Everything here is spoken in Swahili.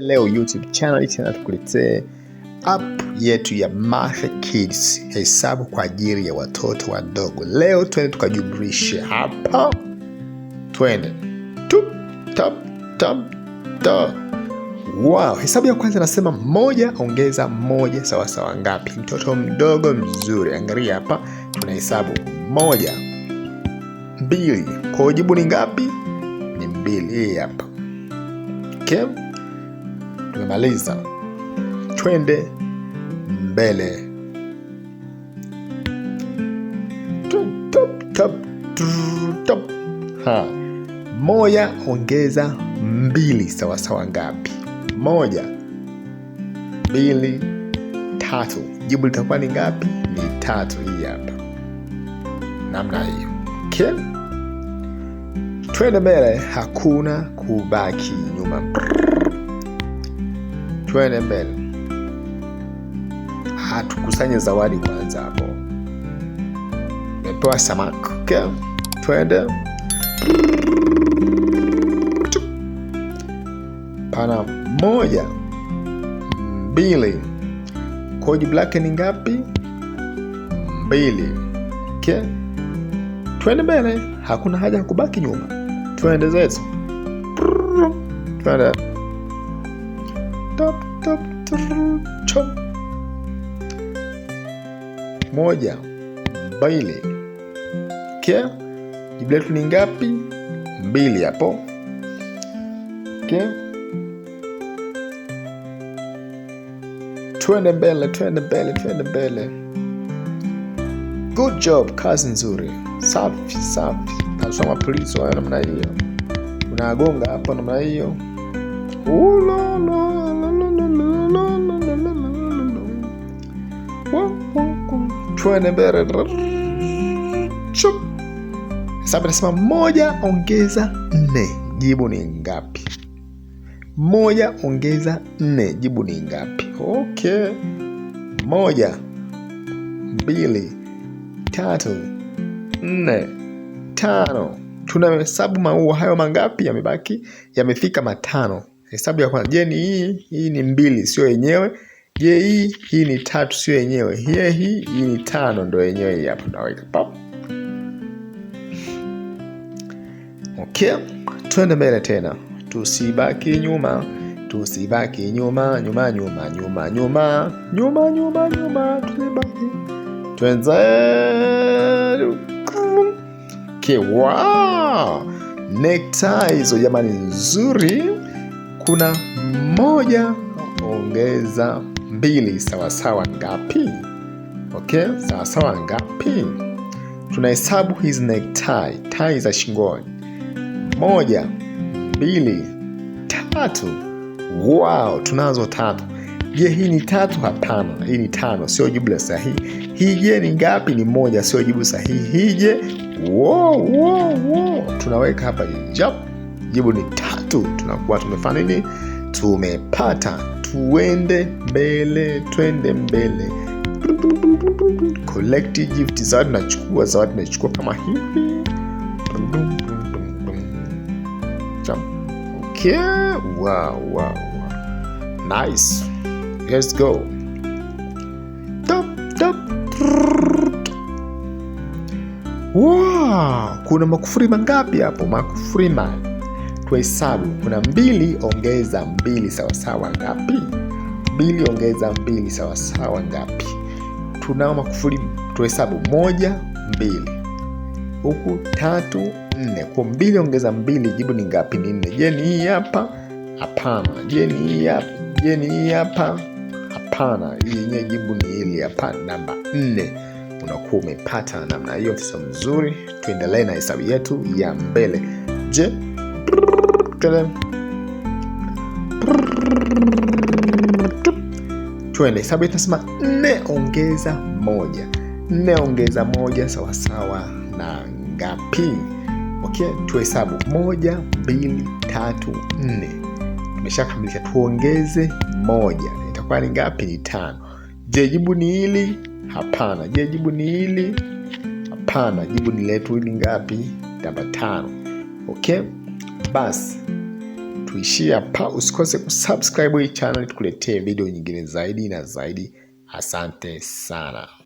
Leo YouTube channel tena tukuletee app yetu ya Martha Kids, hesabu kwa ajili ya watoto wadogo. Leo twende tukajumlishe hapa, twende tup tap tap ta. Wow, hesabu ya kwanza nasema moja ongeza moja sawa sawa ngapi? Mtoto mdogo mzuri, angalia hapa, tuna hesabu moja mbili, kwa jibu ni ngapi? Ni mbili. Hii hapa okay tumemaliza, twende mbele. Ha. Moja ongeza mbili sawasawa ngapi? Moja, mbili, tatu. Jibu litakuwa ni ngapi? Ni tatu. Hii hapa namna hiyo. Okay. Twende mbele, hakuna kubaki nyuma twende mbele. Hatukusanye zawadi kwanza hapo. Mepewa samaki, okay? Twende pana moja mbili, kwa jibu lake ni ngapi? Mbili. Okay? Twende mbele, hakuna haja ya kubaki nyuma, twende zetu, twende moja, mbili. Okay, jibu letu ni ngapi? Mbili hapo. Okay, twende mbele, twende mbele, twende mbele. Good job, kazi nzuri. Safi safi, nasoma polisi hayo namna hiyo, unagonga hapo namna hiyo. tuone mbele. Hesabu inasema moja ongeza nne, jibu ni ngapi? Moja ongeza nne, jibu ni ngapi? Okay, moja, mbili, tatu, nne, tano. hesabu maua hayo mangapi yamebaki? Yamefika matano. Hesabu ya kwanza. Je, ni hii hii ni mbili, sio yenyewe Ye hii hii ni tatu, sio yenyewe. Ye hii hii ni tano, ndo yenyewe hii hapa, naweka pop. Okay, twende mbele tena, tusibaki nyuma, tusibaki nyuma, nyuma nyuma nyuma nyuma nyuma nyuma nyuma, tusibaki twenze wow, Necktie hizo jamani, nzuri. Kuna moja ongeza mbili sawasawa ngapi? Okay, sawasawa ngapi? Tunahesabu hizi necktie, tai za shingoni. Moja, mbili, tatu. Wow, tunazo tatu. Je, hii ni tatu? Hapana, hii ni tano, sio jibu la sahihi. Hii je ni ngapi? Ni moja, sio jibu sahihi. Hii je, wow, wow, wow. Tunaweka hapa jibu ni tatu. Tunakuwa tumefanya nini? Tumepata tuende mbele twende mbele gift, zawadi nachukua zawadi nachukua kama hivi okay wow, wow, wow. nice let's go wow kuna makufuri mangapi hapo makufuri mangapi tuhesabu. Kuna mbili ongeza mbili sawasawa ngapi? Mbili ongeza mbili sawasawa ngapi? Tunao makufuli, tuhesabu moja, mbili, huku tatu, nne. Kwa mbili ongeza mbili, jibu ni ngapi? Ni nne. Je, ni hii hapa? Hapana. Je, ni hii hapa? Je, ni hii hapa? Hapana, yenyewe jibu ni hili hapa, namba nne. Unakuwa umepata namna hiyo. Mtoto mzuri, tuendelee na hesabu yetu ya mbele. Je, Tuele. Twende sabini, tunasema nne ongeza moja. Nne ongeza moja sawasawa na ngapi? Okay, tuhesabu moja, mbili, tatu, nne. Tumeshakamilisha, tuongeze moja, itakuwa ni ngapi? Ni tano. Je, jibu ni hili? Hapana. Je, jibu ni hili? Hapana. Jibu ni letu ni ngapi? Namba tano. Okay, basi tuishie hapa. Usikose kusubscribe hii channel, tukuletee video nyingine zaidi na zaidi. Asante sana.